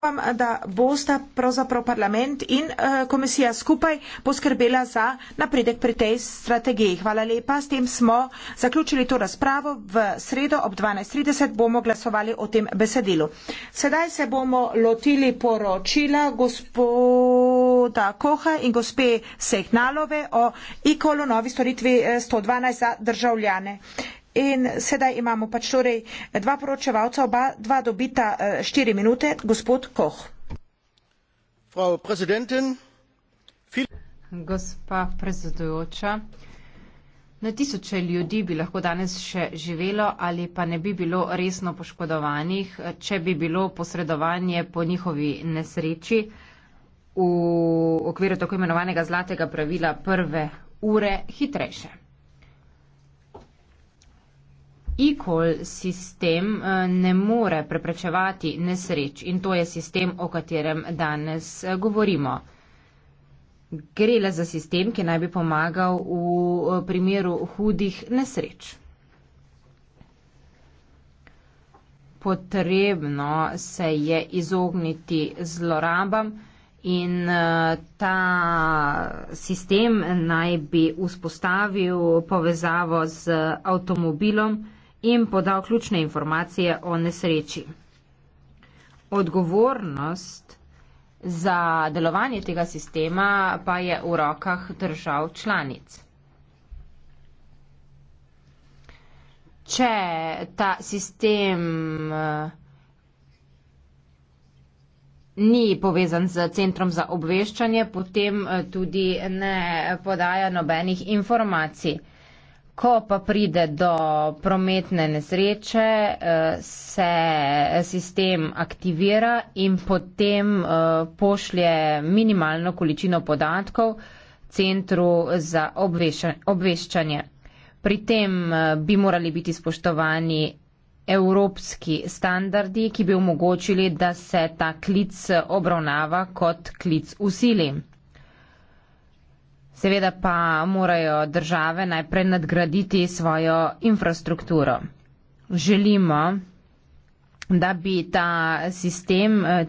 upam, da boste pravzaprav parlament in eh, komisija skupaj poskrbela za napredek pri tej strategiji. Hvala lepa. S tem smo zaključili to razpravo. V sredo ob 12.30 bomo glasovali o tem besedilu. Sedaj se bomo lotili poročila gospoda Koha in gospe Sehnalove o ikolo novi storitvi 112 eh, za državljane. In sedaj imamo pač torej eh, dva poročevalca, oba dva dobita eh, štiri minute, gospod Koh. Gospa predsedujoča, na tisoče ljudi bi lahko danes še živelo ali pa ne bi bilo resno poškodovanih, eh, če bi bilo posredovanje po njihovi nesreči v okviru tako imenovanega zlatega pravila prve ure hitrejše ekol sistem eh, ne more preprečevati nesreč in to je sistem, o katerem danes eh, govorimo. Gre le za sistem, ki naj bi pomagal v eh, primeru hudih nesreč. Potrebno se je izogniti zlorabam in ta sistem naj bi vzpostavil povezavo z avtomobilom in podal ključne informacije o nesreči. Odgovornost za delovanje tega sistema pa je v rokah držav članic. Če ta sistem eh, ni povezan z centrom za obveščanje, potem eh, tudi ne podaja nobenih informacij. Ko pa pride do prometne nesreče, eh, se sistem aktivira in potem eh, pošlje minimalno količino podatkov centru za obveščanje. Pri tem eh, bi morali biti spoštovani evropski standardi, ki bi omogočili, da se ta klic obravnava kot klic usilim. Seveda pa morajo države najprej nadgraditi svojo infrastrukturo. Želimo, da bi ta sistem eh,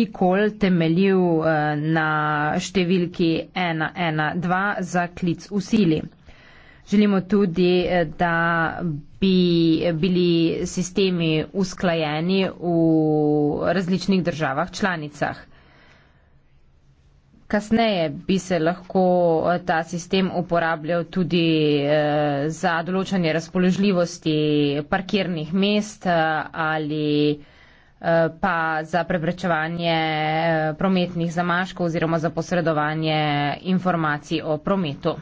e-call temeljil eh, na številki 112 za klic v sili. Želimo tudi, eh, da bi bili sistemi usklajeni v različnih državah članicah. Kasneje bi se lahko eh, ta sistem uporabljal tudi eh, za določanje razpoložljivosti parkirnih mest eh, ali pa za preprečevanje prometnih zamaškov oziroma za posredovanje informacij o prometu.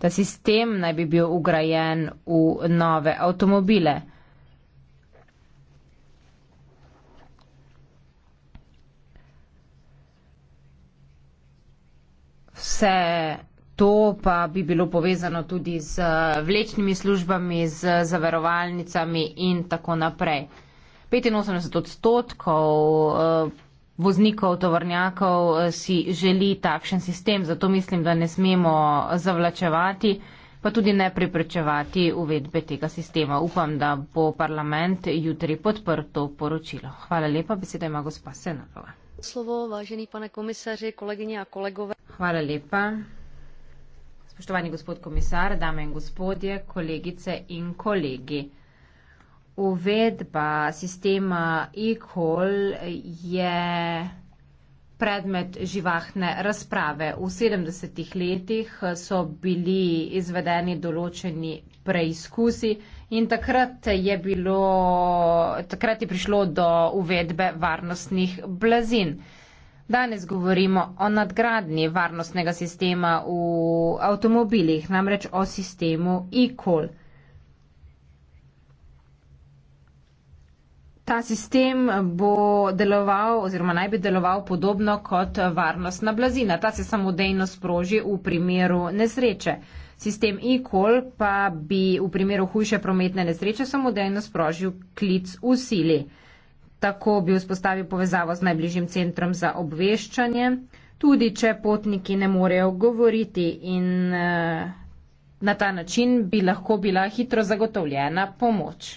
Ta sistem naj bi bil ugrajen v nove avtomobile. vse to pa bi bilo povezano tudi z eh, vlečnimi službami, z zavarovalnicami in tako naprej. 85 odstotkov eh, voznikov tovornjakov eh, si želi takšen sistem, zato mislim, da ne smemo zavlačevati, pa tudi ne priprečevati uvedbe tega sistema. Upam, da bo parlament jutri podprl to poročilo. Hvala lepa, beseda ima gospa Senatova slovo, važeni pane komisarji, kolegini a kolegove. Hvala lepa. Spoštovani gospod komisar, dame in gospodje, kolegice in kolegi. Uvedba sistema e-call je predmet živahne razprave. V 70-ih letih so bili izvedeni določeni preizkusi In takrat je, bilo, takrat je prišlo do uvedbe varnostnih blazin. Danes govorimo o nadgradnji varnostnega sistema v avtomobilih, namreč o sistemu e-call. Ta sistem bo deloval oziroma naj bi deloval podobno kot varnostna blazina. Ta se samodejno sproži v primeru nesreče. Sistem e-call pa bi v primeru hujše prometne nesreče samodejno sprožil klic v sili. Tako bi vzpostavil povezavo z najbližjim centrom za obveščanje, tudi če potniki ne morejo govoriti in eh, na ta način bi lahko bila hitro zagotovljena pomoč.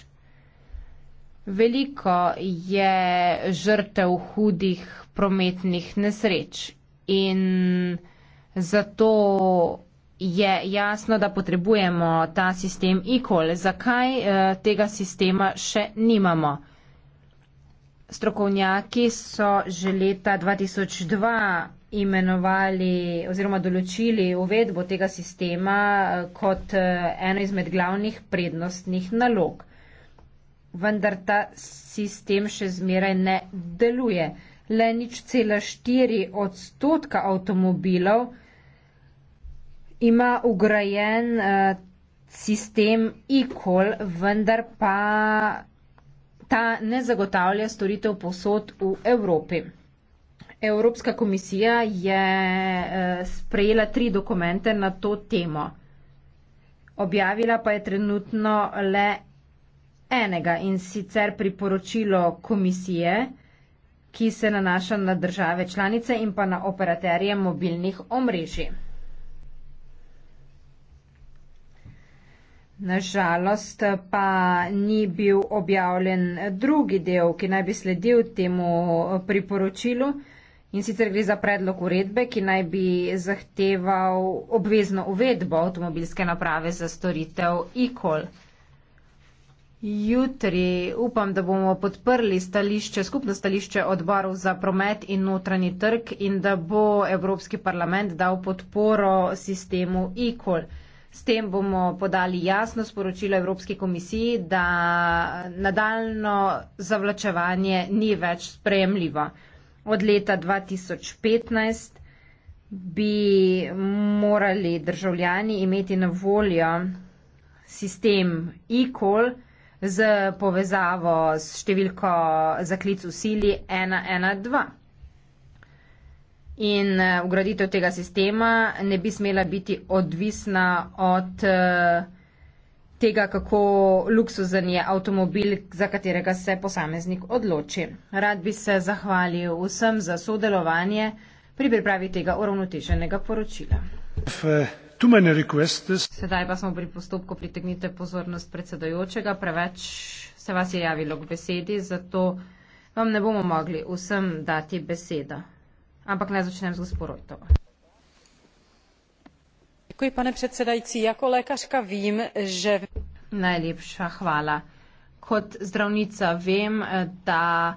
Veliko je žrtev hudih prometnih nesreč in zato je jasno, da potrebujemo ta sistem e-call. Zakaj eh, tega sistema še nimamo? Strokovnjaki so že leta 2002 imenovali oziroma določili uvedbo tega sistema eh, kot eh, eno izmed glavnih prednostnih nalog. Vendar ta sistem še zmeraj ne deluje. Le nič cela 4 odstotka avtomobilov ima ugrajen eh, sistem e-call, vendar pa ta ne zagotavlja storitev posod v Evropi. Evropska komisija je eh, sprejela tri dokumente na to temo. Objavila pa je trenutno le enega in sicer priporočilo komisije, ki se nanaša na države članice in pa na operaterje mobilnih omrežij. Nažalost pa ni bil objavljen drugi del, ki naj bi sledil temu priporočilu. In sicer gre za predlog uredbe, ki naj bi zahteval obvezno uvedbo avtomobilske naprave za storitev e-call. Jutri upam, da bomo podprli stališče, skupno stališče odborov za promet in notranji trg in da bo Evropski parlament dal podporo sistemu e-call. S tem bomo podali jasno sporočilo Evropski komisiji, da nadaljno zavlačevanje ni več sprejemljivo. Od leta 2015 bi morali državljani imeti na voljo sistem e-call z povezavo s številko zaklic v sili 112 in eh, ugraditev tega sistema ne bi smela biti odvisna od eh, tega, kako luksuzen je avtomobil, za katerega se posameznik odloči. Rad bi se zahvalil vsem za sodelovanje pri pripravi tega uravnoteženega poročila. Eh, Sedaj pa smo pri postopku pritegnite pozornost predsedojočega. Preveč se vas je javilo k besedi, zato vam ne bomo mogli vsem dati besedo. Ampak naj začnem z gospodom. Děkuji, pane předsedající. Jako lékařka vím, že. Najlepša hvala. Kot zdravnica vem, da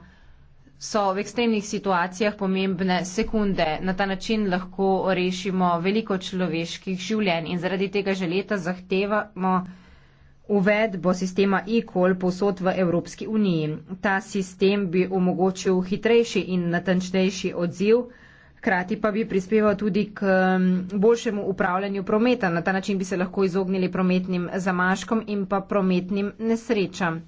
so v ekstremnih situacijah pomembne sekunde. Na ta način lahko rešimo veliko človeških življenj in zaradi tega že leta zahtevamo uvedbo sistema e-call posod v Evropski uniji. Ta sistem bi omogočil hitrejši in natančnejši odziv, hkrati pa bi prispeval tudi k boljšemu upravljanju prometa. Na ta način bi se lahko izognili prometnim zamaškom in pa prometnim nesrečam.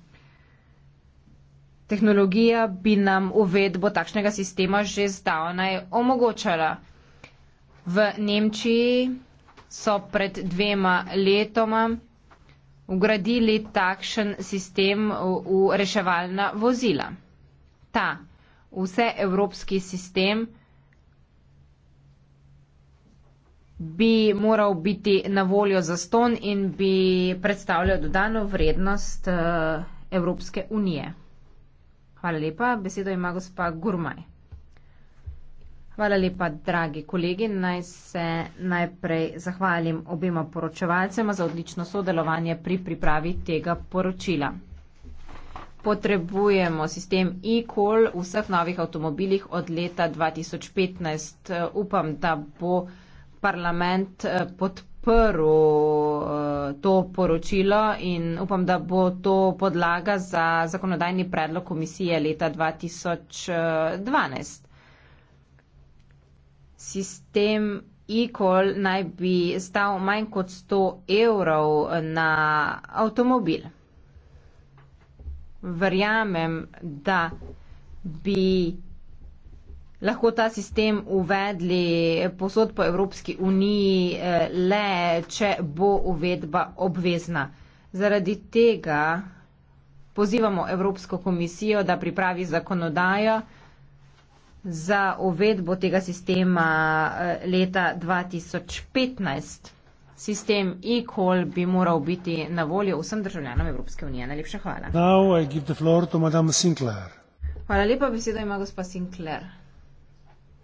Tehnologija bi nam uvedbo takšnega sistema že zdavnaj omogočala. V Nemčiji so pred dvema letoma vgradili takšen sistem v reševalna vozila. Ta vseevropski sistem bi moral biti na voljo za ston in bi predstavljal dodano vrednost eh, Evropske unije. Hvala lepa. Besedo ima gospa Gurmaj. Hvala lepa, dragi kolegi. Naj se najprej zahvalim obima poročevalcema za odlično sodelovanje pri pripravi tega poročila. Potrebujemo sistem e-call v vseh novih avtomobilih od leta 2015. Upam, da bo parlament eh, podprl eh, to poročilo in upam, da bo to podlaga za zakonodajni predlog komisije leta 2012 sistem e-call naj bi stal manj kot 100 evrov na avtomobil. Verjamem, da bi lahko ta sistem uvedli posod po Evropski uniji eh, le, če bo uvedba obvezna. Zaradi tega pozivamo Evropsko komisijo, da pripravi zakonodajo, za uvedbo tega sistema eh, leta 2015. Sistem e-call bi moral biti na voljo vsem državljanom Evropske unije. Najlepša hvala. Hvala lepa, besedo ima gospa Sinclair.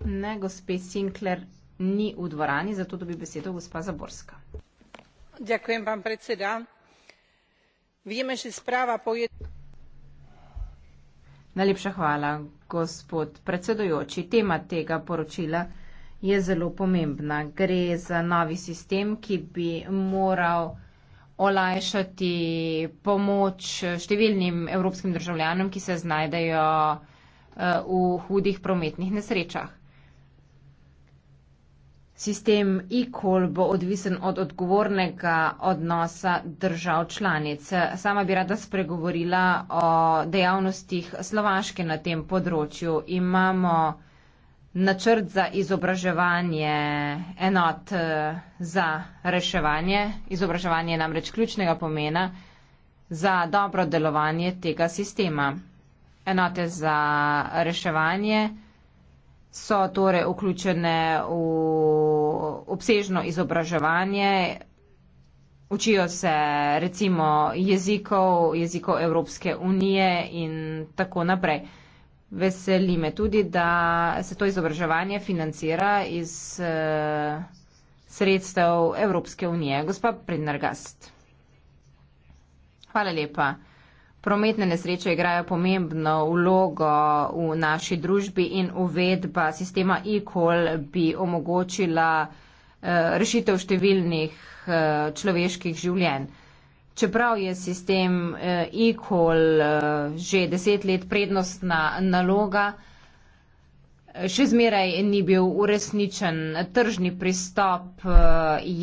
Ne, gospe Sinclair ni v dvorani, zato dobi besedo gospa Zaborska. Vem, Vieme, že sprava poje. Najlepša hvala, gospod predsedujoči. Tema tega poročila je zelo pomembna. Gre za novi sistem, ki bi moral olajšati pomoč številnim evropskim državljanom, ki se znajdejo eh, v hudih prometnih nesrečah. Sistem e-call bo odvisen od odgovornega odnosa držav članic. Sama bi rada spregovorila o dejavnostih Slovaške na tem področju. Imamo načrt za izobraževanje enot eh, za reševanje. Izobraževanje je namreč ključnega pomena za dobro delovanje tega sistema. Enote za reševanje so torej vključene v obsežno izobraževanje, učijo se recimo jezikov, jezikov Evropske unije in tako naprej. Veseli me tudi, da se to izobraževanje financira iz eh, sredstev Evropske unije. Gospa Prednergast. Hvala lepa prometne nesreče igrajo pomembno vlogo v naši družbi in uvedba sistema e-call bi omogočila eh, rešitev številnih eh, človeških življenj. Čeprav je sistem eh, e-call že deset let prednostna naloga, še zmeraj ni bil uresničen. Tržni pristop eh,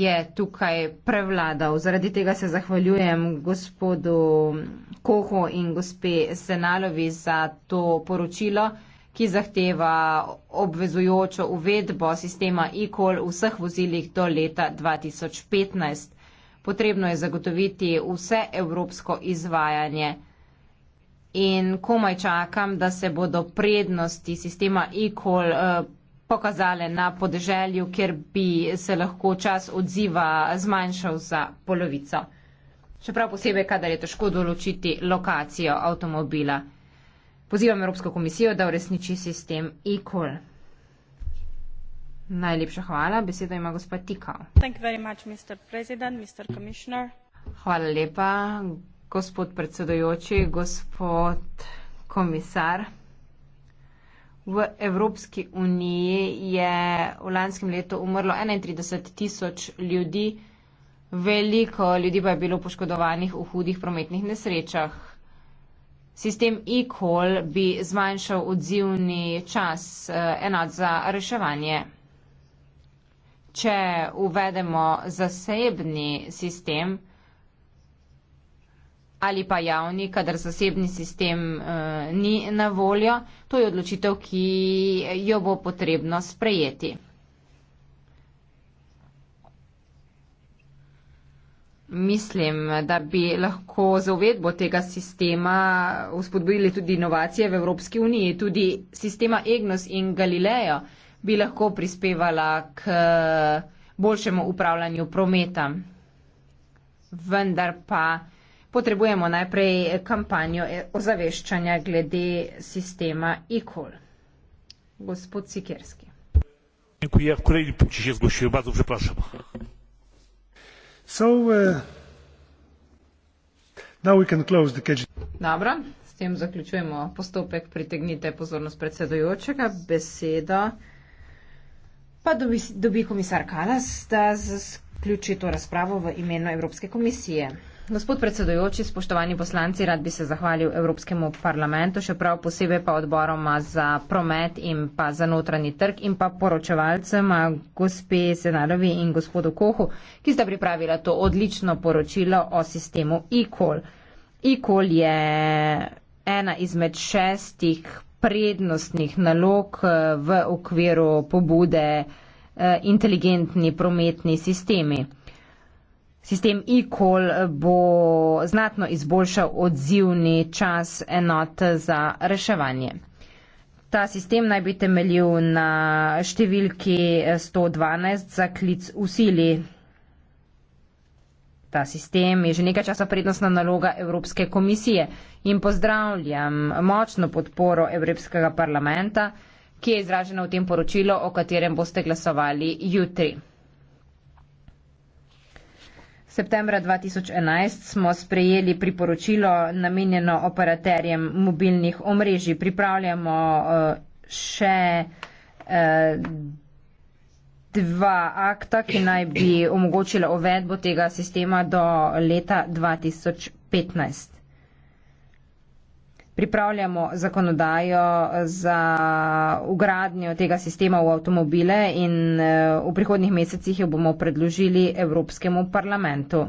je tukaj prevladal. Zaradi tega se zahvaljujem gospodu Kohu in gospe Senalovi za to poročilo ki zahteva obvezujočo uvedbo sistema e-call v vseh vozilih do leta 2015. Potrebno je zagotoviti vse evropsko izvajanje in komaj čakam, da se bodo prednosti sistema e-call eh, pokazale na podeželju, kjer bi se lahko čas odziva zmanjšal za polovico. Še prav posebej, kadar je težko določiti lokacijo avtomobila. Pozivam Evropsko komisijo, da uresniči sistem e-call. Najlepša hvala. Besedo ima gospod Tikal. Hvala lepa, gospod predsedojoči, gospod komisar. V Evropski uniji je v lanskem letu umrlo 31 tisoč ljudi, veliko ljudi pa je bilo poškodovanih v hudih prometnih nesrečah. Sistem e-call bi zmanjšal odzivni čas eh, enot za reševanje. Če uvedemo zasebni sistem, ali pa javni, kadar zasebni sistem uh, ni na voljo. To je odločitev, ki jo bo potrebno sprejeti. Mislim, da bi lahko za uvedbo tega sistema uspodbojili tudi inovacije v Evropski uniji. Tudi sistema EGNOS in Galileo bi lahko prispevala k eh, boljšemu upravljanju prometa. Vendar pa potrebujemo najprej kampanjo ozaveščanja glede sistema ECOL. Gospod Sikerski. Dziękuję. W kolejnym punkcie się zgłosiłem. Bardzo przepraszam. So, uh, now we can close the cage. Dobra, s tem zaključujemo postopek. Pritegnite pozornost predsedujočega. Besedo pa dobi, dobi komisar Kalas, da zaključi to razpravo v imenu Evropske komisije. Gospod predsedujoči, spoštovani poslanci, rad bi se zahvalil Evropskemu parlamentu, še prav posebej pa odboroma za promet in pa za notranji trg in pa poročevalcem, gospe Senarovi in gospodu Kohu, ki sta pripravila to odlično poročilo o sistemu e-call. E-call je ena izmed šestih prednostnih nalog eh, v okviru pobude eh, inteligentni prometni sistemi. Sistem e-call bo znatno izboljšal odzivni čas enot za reševanje. Ta sistem naj bi temeljil na številki 112 za klic v sili. Ta sistem je že nekaj časa prednostna naloga Evropske komisije in pozdravljam močno podporo Evropskega parlamenta, ki je izražena v tem poročilu, o katerem boste glasovali jutri. Septembra 2011 smo sprejeli priporočilo namenjeno operaterjem mobilnih omrežij. Pripravljamo eh, še eh, dva akta, ki naj bi omogočila uvedbo tega sistema do leta 2015 pripravljamo zakonodajo za ugradnjo tega sistema v avtomobile in eh, v prihodnih mesecih jo bomo predložili Evropskemu parlamentu.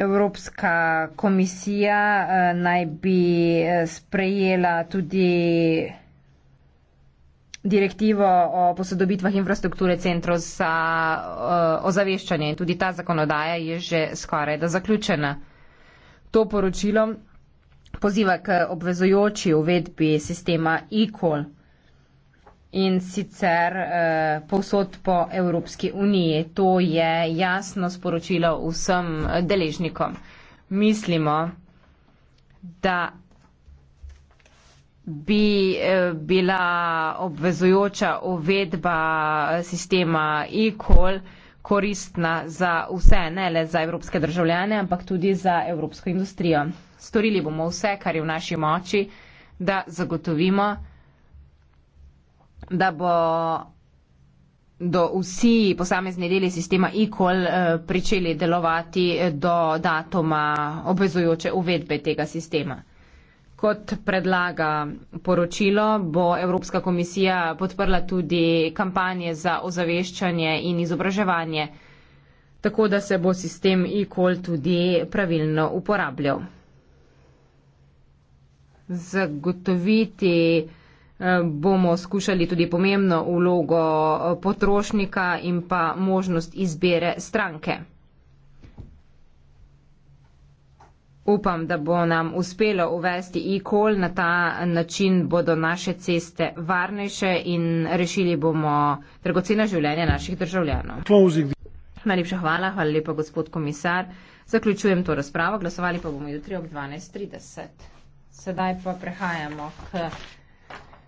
Evropska komisija eh, naj bi eh, sprejela tudi direktivo o posodobitvah infrastrukture centrov za ozaveščanje in tudi ta zakonodaja je že skoraj da zaključena to poročilo poziva k obvezojoči uvedbi sistema e-call in sicer eh, povsod po Evropski uniji. To je jasno sporočilo vsem deležnikom. Mislimo, da bi eh, bila obvezujoča uvedba sistema e-call eh, koristna za vse, ne le za evropske državljane, ampak tudi za evropsko industrijo. Storili bomo vse, kar je v naši moči, da zagotovimo, da bo do vsi posamezni deli sistema e-call eh, pričeli delovati do datuma obvezujoče uvedbe tega sistema. Kot predlaga poročilo, bo Evropska komisija podprla tudi kampanje za ozaveščanje in izobraževanje, tako da se bo sistem e-call tudi pravilno uporabljal. Zagotoviti eh, bomo skušali tudi pomembno vlogo eh, potrošnika in pa možnost izbire stranke. Upam, da bo nam uspelo uvesti e-call, na ta način bodo naše ceste varnejše in rešili bomo dragocena življenja naših državljanov. Closing. Najlepša hvala, hvala lepa gospod komisar. Zaključujem to razpravo, glasovali pa bomo jutri ob 12.30. Sedaj pa prehajamo k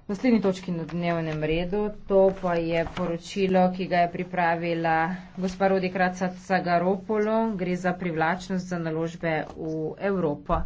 naslednji točki na dnevnem redu. To pa je poročilo, ki ga je pripravila gospa Rodikraca Cagaropolo. Gre za privlačnost za naložbe v Evropo.